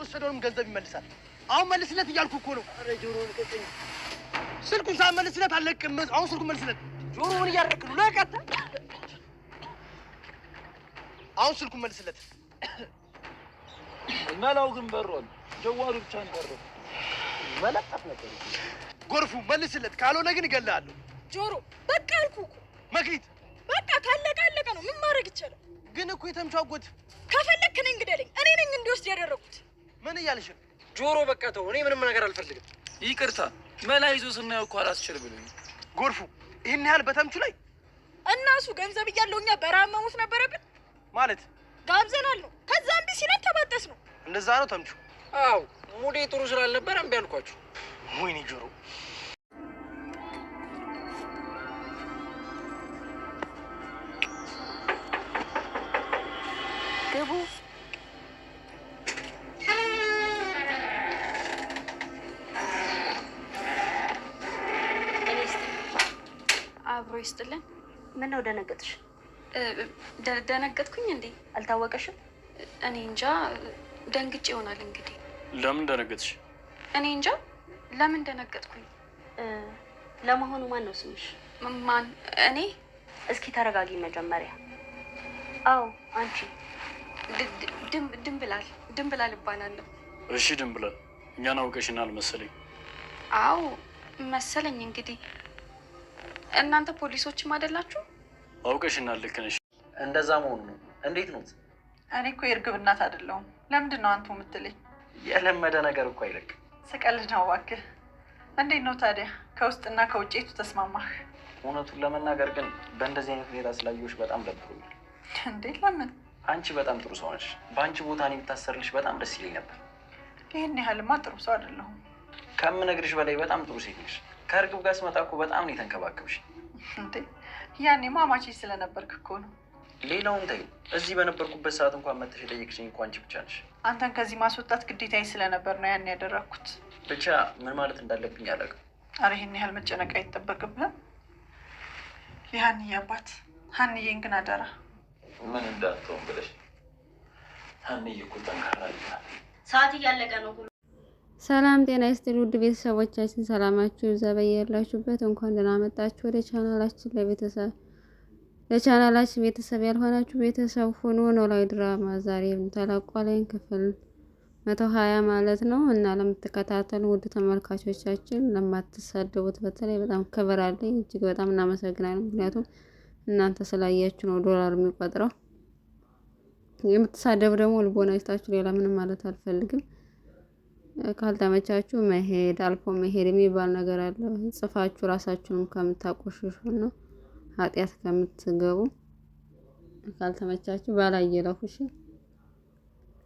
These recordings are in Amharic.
የወሰደውንም ገንዘብ ይመልሳል። አሁን መልስለት እያልኩ እኮ ነው። ኧረ ጆሮውን ቀጠኝ። ስልኩን ሳትመልስለት አለቅም። አሁን ስልኩን መልስለት። ጆሮውን እያደረክ ነው። ለቀጥ አሁን ስልኩን መልስለት። መላው ግን በሯል። ጀዋሩ ብቻ ነው በሮ መለጠፍ ነበር። ጎርፉ መልስለት፣ ካልሆነ ግን እገልሃለሁ። ጆሮ በቃ አልኩ እኮ መክሊት፣ በቃ ካለቀ አለቀ ነው። ምን ማድረግ ይቻላል? ግን እኮ የተምቻጎት አጎት ከፈለክ ነኝ ግደለኝ። እኔ ነኝ እንዲወስድ ያደረኩት። ምን እያልሽ ጆሮ? በቃ ተው፣ እኔ ምንም ነገር አልፈልግም። ይቅርታ መላ ይዞ ስናየው እኮ አላስችል ብሎኝ። ጎርፉ ይህን ያህል በተምቹ ላይ እና እሱ ገንዘብ እያለው እኛ በረሃብ መሞት ነበረብን ማለት ጋብዘናል ነው። ከዛ እምቢ ሲለን ተባጠስ ነው። እንደዛ ነው ተምቹ። አዎ ሙዴ ጥሩ ስላልነበረ እምቢ አልኳችሁ። ወይኔ ጆሮ ይስጥልን። ምን ነው ደነገጥሽ? ደነገጥኩኝ እንዴ? አልታወቀሽም? እኔ እንጃ ደንግጬ ይሆናል እንግዲህ። ለምን ደነገጥሽ? እኔ እንጃ ለምን ደነገጥኩኝ። ለመሆኑ ማን ነው ስምሽ? ማን? እኔ እስኪ ተረጋጊ መጀመሪያ። አዎ አንቺ። ድንብላል ድንብላል እባላለሁ። እሺ ድንብላል፣ እኛን አውቀሽናል መሰለኝ። አዎ መሰለኝ እንግዲህ እናንተ ፖሊሶችም አይደላችሁ? አውቀሽና ልክ ነሽ። እንደዛ መሆኑ ነው። እንዴት ነው? እኔ እኮ የእርግብ እናት አይደለሁም። ለምንድን ነው አንቱ የምትለኝ? የለመደ ነገር እኮ አይለቅ። ስቀልድ ነው እባክህ። እንዴት ነው ታዲያ ከውስጥና ከውጭቱ ተስማማህ? እውነቱን ለመናገር ግን በእንደዚህ አይነት ሁኔታ ስላየሁሽ በጣም ደብሮኛል። እንዴት? ለምን? አንቺ በጣም ጥሩ ሰው ነሽ። በአንቺ ቦታ እኔ ብታሰርልሽ በጣም ደስ ይለኝ ነበር። ይህን ያህልማ ጥሩ ሰው አይደለሁም። ከምነግርሽ በላይ በጣም ጥሩ ሴት ነሽ። ከእርግብ ጋር ስመጣ እኮ በጣም ነው የተንከባከብሽ። እንዴ ያኔ ማማቼ ስለነበርክ እኮ ነው። ሌላውን ተይው። እዚህ በነበርኩበት ሰዓት እንኳን መጥተሽ የጠየቅሽኝ እንኳ አንቺ ብቻ ነሽ። አንተን ከዚህ ማስወጣት ግዴታዬ ስለነበር ነው ያን ያደረግኩት። ብቻ ምን ማለት እንዳለብኝ አላውቅም። አረ ይህን ያህል መጨነቅ አይጠበቅብህም። የሀንዬ አባት ሀንዬን ግን አደራ ምን እንዳትሆን ብለሽ ሀንዬ እኮ ጠንካራ ሰዓት እያለቀ ነው። ሰላም ጤና ይስጥል ውድ ቤተሰቦቻችን ሰላማችሁ ይብዛ እንኳን ደህና መጣችሁ ወደ ቻናላችን። ለቤተሰብ ለቻናላችን ቤተሰብ ያልሆናችሁ ቤተሰብ ሁኑ። ኖላዊ ድራማ ዛሬ ተለቋለን ክፍል መቶ ሀያ ማለት ነው እና ለምትከታተሉ ውድ ተመልካቾቻችን፣ ለማትሳደቡት በተለይ በጣም ክብር አለኝ። እጅግ በጣም እናመሰግናለን። ምክንያቱም እናንተ ስላያችሁ ነው ዶላር የሚቆጥረው። የምትሳደቡ ደግሞ ልቦና ይስጣችሁ። ሌላ ምንም ማለት አልፈልግም። ካልተመቻችሁ መሄድ አልፎ መሄድ የሚባል ነገር አለ። ጽፋችሁ ራሳችሁን ከምታቆሽሹና ኃጢአት ከምትገቡ ካልተመቻችሁ ባላየ ለፉ እሺ፣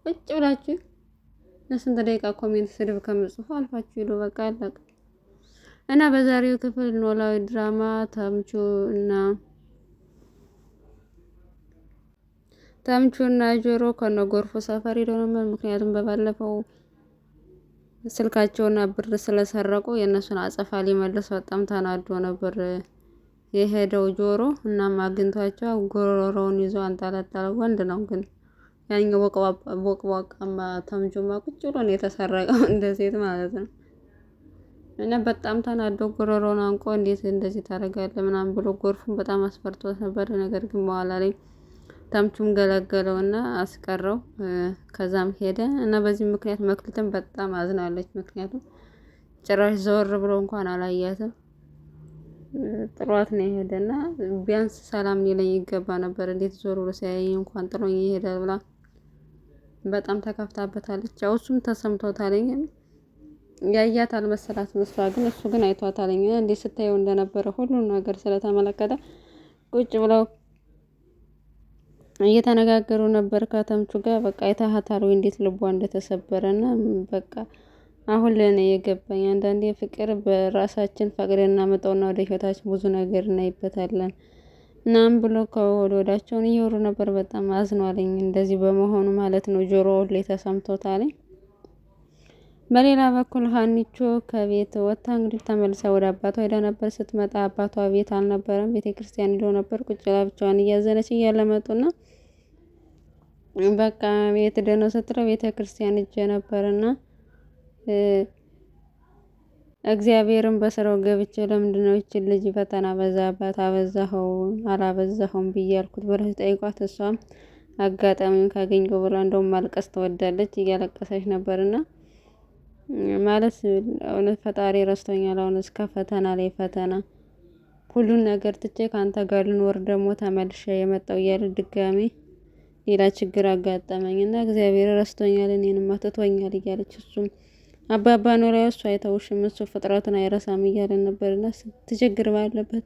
ቁጭ ብላችሁ ለስንት ደቂቃ ኮሜንት ስድብ ከምጽፉ አልፋችሁ ሄዱ። በቃ አለቀ። እና በዛሬው ክፍል ኖላዊ ድራማ ተምቹ እና ተምቹ እና ጆሮ ከነጎርፎ ሰፈር ሄደው ነበር። ምክንያቱም በባለፈው ስልካቸውና ብር ስለሰረቁ የእነሱን አጸፋ ሊመልስ በጣም ተናዶ ነበር የሄደው ጆሮ። እናም አግኝቷቸው ጎሮሮውን ይዞ አንጠለጠለው። ወንድ ነው ግን ያኛው ቦቅቧቃማ ተምጆማ ቁጭ ብሎ ነው የተሰረቀው እንደ ሴት ማለት ነው። እና በጣም ተናዶ ጎሮሮውን አንቆ እንዴት እንደዚህ ታደርጋለህ ምናምን ብሎ ጎርፉን በጣም አስፈርቶት ነበር። ነገር ግን በኋላ ላይ ተምቹም እና አስቀረው። ከዛም ሄደ እና በዚህ ምክንያት መክሊትም በጣም አዝናለች። ምክንያቱም ጭራሽ ዘወር ብሎ እንኳን አላያትም። ጥሯት ነው እና ቢያንስ ሰላም ሊለኝ ይገባ ነበር፣ እንዴት ዞር ብሎ ሲያየኝ እንኳን ጥሎኝ ይሄደ ብላ በጣም ተከፍታበታለች። ያው እሱም ተሰምቶታለኝ ያያት አልመሰላት መስሏ፣ ግን እሱ ግን አይቷታለኝ እንዴት ስታየው እንደነበረ ሁሉን ነገር ስለተመለከተ ቁጭ ብለው እየተነጋገሩ ነበር ከተምቹ ጋር በቃ አይተሃታል እንዴት ልቧ እንደተሰበረ እና በቃ አሁን ለእኔ የገባኝ አንዳንዴ ፍቅር በራሳችን ፈቅደን እናመጣውና ወደ ህይወታችን ብዙ ነገር እናይበታለን እናም ብሎ ከወዳቸውን እየወሩ ነበር። በጣም አዝኗለኝ እንደዚህ በመሆኑ ማለት ነው። ጆሮው ላይ ተሰምቶታለኝ። በሌላ በኩል ሀኒቾ ከቤት ወጥታ እንግዲህ ተመልሳ ወደ አባቷ ሄዳ ነበር። ስትመጣ አባቷ ቤት አልነበረም፣ ቤተ ክርስቲያን ሄዶ ነበር። ቁጭ ብላ ብቻዋን እያዘነች እያለ መጡና በቃ ቤት ደህና ስትለው ቤተ ክርስቲያን እጄ ነበርና እግዚአብሔርን በስራው ገብቼ ለምንድነው ይችን ልጅ ፈተና በዛባት አበዛኸው አላበዛኸውም ብዬ አልኩት ብለህ ጠይቋት። እሷም አጋጣሚውን ካገኘው ብላ እንደውም ማልቀስ ትወዳለች፣ እያለቀሰች ነበርና ማለት እውነት ፈጣሪ ረስቶኛል። አሁን እስከ ፈተና ላይ ፈተና ሁሉን ነገር ትቼ ከአንተ ጋር ልኖር ደግሞ ተመልሼ የመጣው እያለ ድጋሜ ሌላ ችግር አጋጠመኝ እና እግዚአብሔር ረስቶኛል፣ እኔንም አትቶኛል እያለች እሱም አባባ ኖላዊ እሱ አይተውሽም፣ እሱ ፍጥረቱን አይረሳም እያለን ነበር ነበርና ስትችግር ባለበት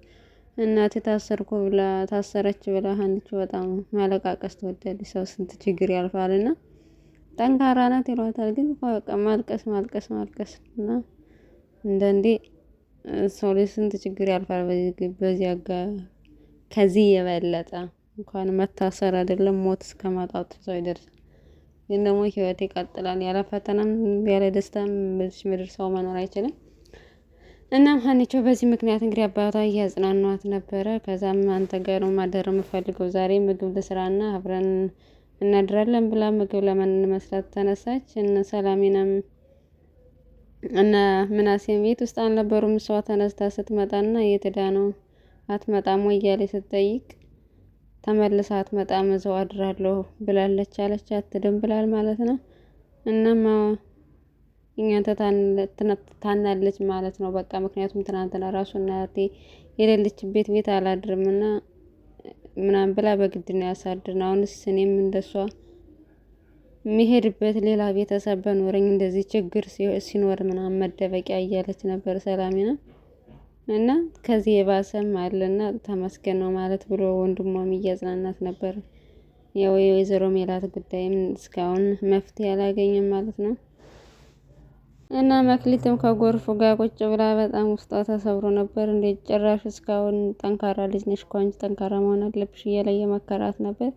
እናቴ ታሰርኩ ብላ ታሰረች ብላ ሀንቹ በጣም ማለቃቀስ ትወዳለች። ሰው ስንት ችግር ያልፋል ያልፋልና ጠንካራ ናት ይሏታል። ግን በቃ ማልቀስ ማልቀስ ማልቀስ እና አንዳንዴ ሰው ላይ ስንት ችግር ያልፋል። በዚህ ከዚህ የበለጠ እንኳን መታሰር አይደለም ሞት እስከ ማጣት ሰው ይደርሳል። ግን ደግሞ ህይወት ይቀጥላል። ያለ ፈተናም ያለ ደስታም በዚች ምድር ሰው መኖር አይችልም። እናም ሀኒቾ በዚህ ምክንያት እንግዲህ አባቷ እያጽናኗት ነበረ። ከዛም አንተ ጋር ነው ማደር የምፈልገው ዛሬ ምግብ ልስራና አብረን እናድራለን ብላ ምግብ ለመስራት ተነሳች። እነ ሰላሚናም እነ ምናሴም ቤት ውስጥ አልነበሩም። እሷ ተነስታ ስትመጣና የትዳ ነው አትመጣም ወይ እያለች ስትጠይቅ ተመልሳ አትመጣም እዛው አድራለሁ ብላለች አለች። አትድም ብላል ማለት ነው። እናማ እኛን ታናለች ማለት ነው። በቃ ምክንያቱም ትናንትና ራሱ እናቴ የሌለችበት ቤት አላድርም እና ምናምን ብላ በግድ ነው ያሳድርን። አሁንስ እኔም እንደሷ የሚሄድበት ሌላ ቤተሰብ በኖረኝ እንደዚህ ችግር ሲኖር ምናምን መደበቂያ እያለች ነበር ሰላሜና እና ከዚህ የባሰም አለና ተመስገን ነው ማለት ብሎ ወንድሟም እያጽናናት ነበር። ያው የወይዘሮ ሜላት ጉዳይም እስካሁን መፍትሄ አላገኘም ማለት ነው። እና መክሊትም ከጎርፍ ጋር ቁጭ ብላ በጣም ውስጧ ተሰብሮ ነበር። እንዴት ጭራሽ እስካሁን ጠንካራ ልጅ ነሽ እኮ አንቺ ጠንካራ መሆን አለብሽ እያለ የመከራት ነበር።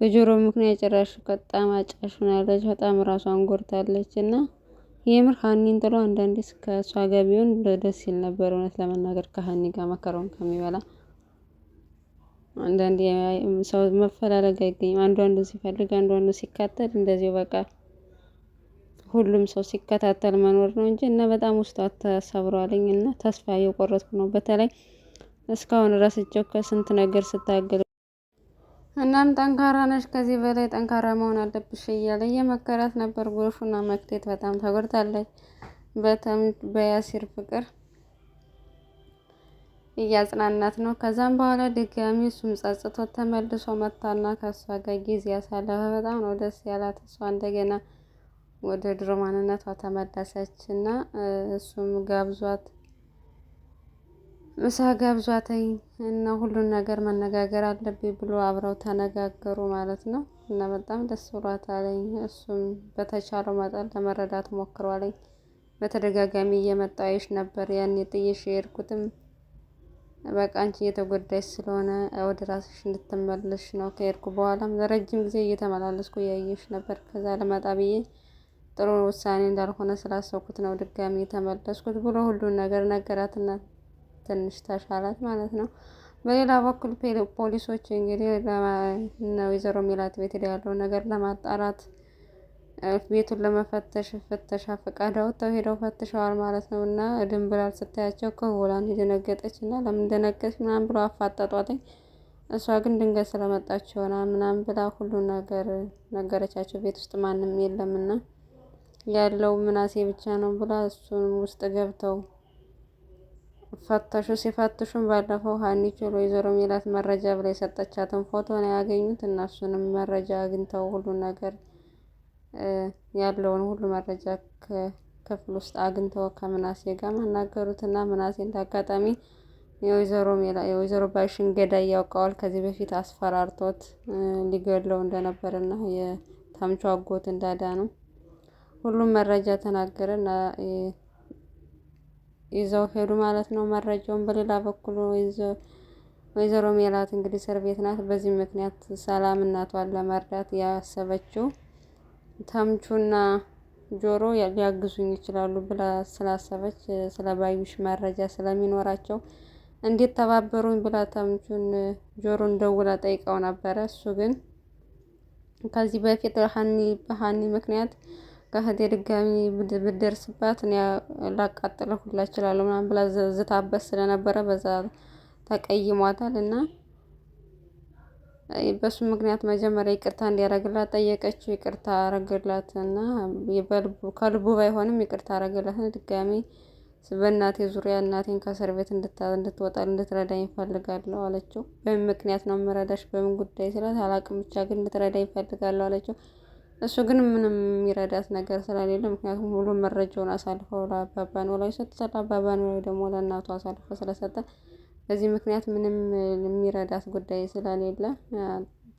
በጆሮ ምክንያት ጭራሽ በጣም አጫሽ ሆናለች። በጣም ራሷን ጎርታለች። እና የምር ሀኒን ጥሎ አንዳንዴ እስከ እሷ ጋር ቢሆን ደስ ይል ነበር፣ እውነት ለመናገር ከሀኒ ጋር መከረውን ከሚበላ አንዳንዴ ሰው መፈላለግ አይገኝም። አንዱ አንዱ ሲፈልግ አንዱ አንዱ ሲካተል እንደዚሁ በቃ ሁሉም ሰው ሲከታተል መኖር ነው እንጂ እና በጣም ውስጧ ተሰብሯልኝ እና ተስፋ እየቆረጥኩ ነው። በተለይ እስካሁን ረስቸው ከስንት ነገር ስታገል እናም ጠንካራ ነሽ፣ ከዚህ በላይ ጠንካራ መሆን አለብሽ እያለ እየመከራት ነበር። ጎርፉና መክቴት በጣም ተጎድታለች። በተም በያሲር ፍቅር እያጽናናት ነው። ከዛም በኋላ ድጋሚ እሱም ጸጽቶ ተመልሶ መታና ከእሷ ጋር ጊዜ ያሳለፈ በጣም ነው ደስ ያላት እሷ እንደገና ወደ ድሮ ማንነቷ ተመለሰች እና እሱም ጋብዟት ምሳ ጋብዟተኝ እና ሁሉን ነገር መነጋገር አለብኝ ብሎ አብረው ተነጋገሩ ማለት ነው። እና በጣም ደስ ብሏታለኝ። እሱም በተቻለው መጠን ለመረዳት ሞክሯለኝ። በተደጋጋሚ እየመጣሁ አይሽ ነበር ያኔ ጥዬሽ የሄድኩትም በቃ አንቺ እየተጎዳሽ ስለሆነ ወደ ራስሽ እንድትመለሽ ነው። ከሄድኩ በኋላም ለረጅም ጊዜ እየተመላለስኩ እያየሽ ነበር። ከዛ ለመጣ ብዬ ጥሩ ውሳኔ እንዳልሆነ ስላሰብኩት ነው ድጋሚ የተመለስኩት ብሎ ሁሉን ነገር ነገራትና ትንሽ ተሻላት ማለት ነው። በሌላ በኩል ፖሊሶች እንግዲህ ወይዘሮ ሜላት ቤት ያለው ነገር ለማጣራት ቤቱን ለመፈተሽ ፍተሻ ፈቃድ አውጥተው ሄደው ፈትሸዋል ማለት ነው። እና ድንብላል ስታያቸው ከሆላን የደነገጠች እና ለምን ደነገጥ ምናምን ብሎ አፋጠጧትኝ። እሷ ግን ድንገት ስለመጣች ሆና ምናምን ብላ ሁሉ ነገር ነገረቻቸው። ቤት ውስጥ ማንም የለምና ያለው ምናሴ ብቻ ነው ብላ እሱን ውስጥ ገብተው ፈተሹ። ሲፈትሹም ባለፈው ሀኒቾ ለወይዘሮ ሜላት መረጃ ብላ የሰጠቻትን ፎቶ ነው ያገኙት እና መረጃ አግኝተው ሁሉ ነገር ያለውን ሁሉ መረጃ ክፍል ውስጥ አግኝተው ከምናሴ ጋር መናገሩት እና ምናሴ እንዳጋጣሚ የወይዘሮ ባሽን ገዳይ ያውቀዋል። ከዚህ በፊት አስፈራርቶት ሊገለው እንደነበር እና የታምቹ አጎት እንዳዳ ነው ሁሉም መረጃ እና ይዘው ሄዱ ማለት ነው መረጃውን። በሌላ በኩል ወይዘሮ ሜላት እንግዲህ እስር ቤት ናት። በዚህ ምክንያት ሰላም እናቷን ለመርዳት ያሰበችው ተምቹና ጆሮ ሊያግዙኝ ይችላሉ ብላ ስላሰበች ስለ ባዩሽ መረጃ ስለሚኖራቸው እንዴት ተባበሩኝ ብላ ተምቹን ጆሮ ደውላ ጠይቀው ነበረ። እሱ ግን ከዚህ በፊት ሀኒ በሀኒ ምክንያት ከእህቴ ድጋሚ ብደርስባት እኔ ላቃጥለው ሁላ እችላለሁ ምናምን ብላ ዝታበት ስለነበረ በዛ ተቀይሟታል እና በሱ ምክንያት መጀመሪያ ይቅርታ እንዲያረግላት ጠየቀችው። ይቅርታ አረግላት እና ከልቡ ባይሆንም ይቅርታ አረግላት ድጋሚ በእናቴ ዙሪያ እናቴን ከእስር ቤት እንድትወጣ እንድትረዳኝ ይፈልጋለሁ አለችው። በምን ምክንያት ነው የምረዳሽ? በምን ጉዳይ ስላት አላቅም፣ ብቻ ግን እንድትረዳኝ ይፈልጋለሁ አለችው። እሱ ግን ምንም የሚረዳት ነገር ስለሌለ ምክንያቱም ሙሉ መረጃውን አሳልፎ ለአባባ ኖላዊ ሰጥቷል። አባባ ኖላዊ ደግሞ ለእናቱ አሳልፎ ስለሰጠ በዚህ ምክንያት ምንም የሚረዳት ጉዳይ ስለሌለ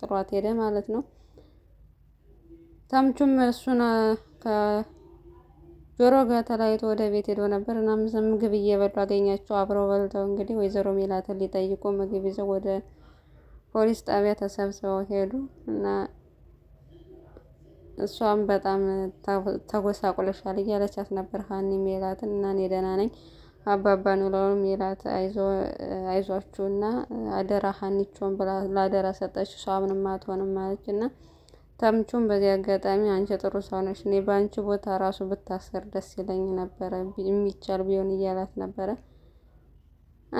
ጥሯት ሄደ ማለት ነው። ታምቹም እሱን ከጆሮ ጋር ተለያይቶ ወደ ቤት ሄዶ ነበር እና ምግብ እየበሉ አገኛቸው። አብረው በልተው እንግዲህ ወይዘሮ ሜላትን ሊጠይቁ ምግብ ይዘው ወደ ፖሊስ ጣቢያ ተሰብስበው ሄዱ እና እሷም በጣም ተጎሳቁለሻል እያለቻት ነበር። ሀኒ ሜላትን እና እኔ ደህና ነኝ አባባ ኖላዊ ሜላት አይዟችሁ እና አደራ ሀኒቾን ብላ ላደራ ሰጠች። እሷ ምንም አትሆንም ማለች እና ተምቹን በዚህ አጋጣሚ አንቺ ጥሩ ሰው ነች፣ እኔ በአንቺ ቦታ ራሱ ብታሰር ደስ ይለኝ ነበረ የሚቻል ቢሆን እያላት ነበረ።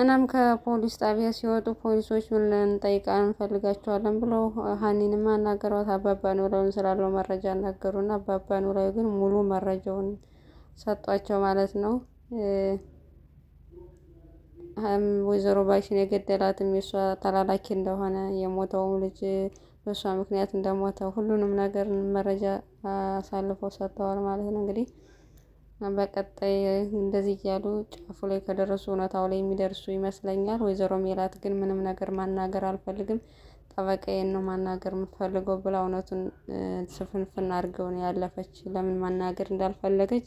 እናም ከፖሊስ ጣቢያ ሲወጡ ፖሊሶች ምን ልንጠይቅ እንፈልጋቸዋለን ብለው ሀኒንም አናገሯት። አባባ ኖላዊ ስላለው መረጃ አናገሩና አባባ ኖላዊ ግን ሙሉ መረጃውን ሰጧቸው ማለት ነው። ወይዘሮ ባሽን የገደላትም የእሷ ተላላኪ እንደሆነ የሞተውም ልጅ በእሷ ምክንያት እንደሞተ ሁሉንም ነገር መረጃ አሳልፈው ሰጥተዋል ማለት ነው እንግዲህ በቀጣይ እንደዚህ እያሉ ጫፉ ላይ ከደረሱ እውነታው ላይ የሚደርሱ ይመስለኛል። ወይዘሮ ሜላት ግን ምንም ነገር ማናገር አልፈልግም ጠበቃዬን ነው ማናገር የምፈልገው ብላ እውነቱን ስፍንፍን አድርገው ነው ያለፈች። ለምን ማናገር እንዳልፈለገች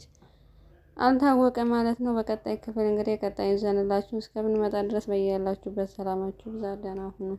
አልታወቀ ማለት ነው። በቀጣይ ክፍል እንግዲህ ቀጣይ ይዘንላችሁ እስከምንመጣ ድረስ በያላችሁበት ሰላማችሁ ብዛ፣ ደህና ሁኑ።